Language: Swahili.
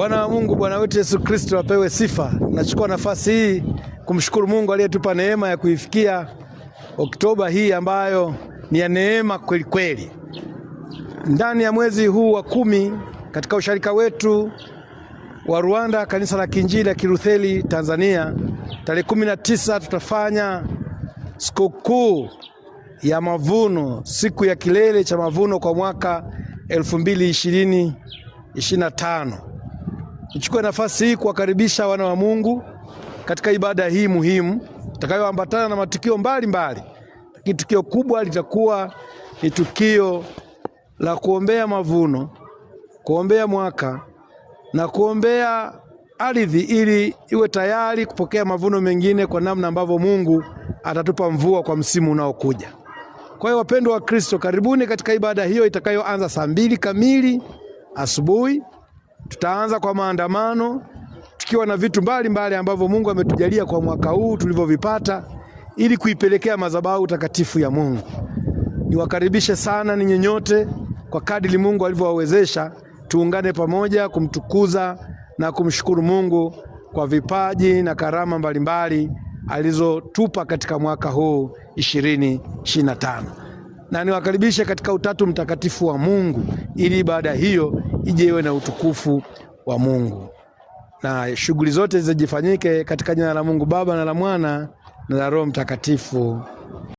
Bwana wa Mungu, Bwana wetu Yesu Kristo apewe sifa. Nachukua nafasi hii kumshukuru Mungu aliyetupa neema ya kuifikia Oktoba hii ambayo ni ya neema kweli kweli. Ndani ya mwezi huu wa kumi katika usharika wetu wa Rwanda, kanisa la Kiinjili la Kilutheri Tanzania, tarehe kumi na tisa tutafanya sikukuu ya mavuno, siku ya kilele cha mavuno kwa mwaka elfu mbili ishirini ishirini na tano. Nichukue nafasi hii kuwakaribisha wana wa Mungu katika ibada hii muhimu itakayoambatana na matukio mbalimbali, lakini tukio kubwa litakuwa ni tukio la kuombea mavuno, kuombea mwaka na kuombea ardhi ili iwe tayari kupokea mavuno mengine kwa namna ambavyo Mungu atatupa mvua kwa msimu unaokuja. Kwa hiyo wapendwa wa Kristo, karibuni katika ibada hiyo itakayoanza saa mbili kamili asubuhi. Tutaanza kwa maandamano tukiwa na vitu mbalimbali ambavyo Mungu ametujalia kwa mwaka huu tulivyovipata, ili kuipelekea madhabahu takatifu ya Mungu. Niwakaribishe sana ninyi nyote kwa kadiri Mungu alivyowawezesha, tuungane pamoja kumtukuza na kumshukuru Mungu kwa vipaji na karama mbalimbali alizotupa katika mwaka huu 2025 na niwakaribishe katika utatu mtakatifu wa Mungu ili baada hiyo ije iwe na utukufu wa Mungu, na shughuli zote zijifanyike katika jina la Mungu Baba na la Mwana na la Roho Mtakatifu.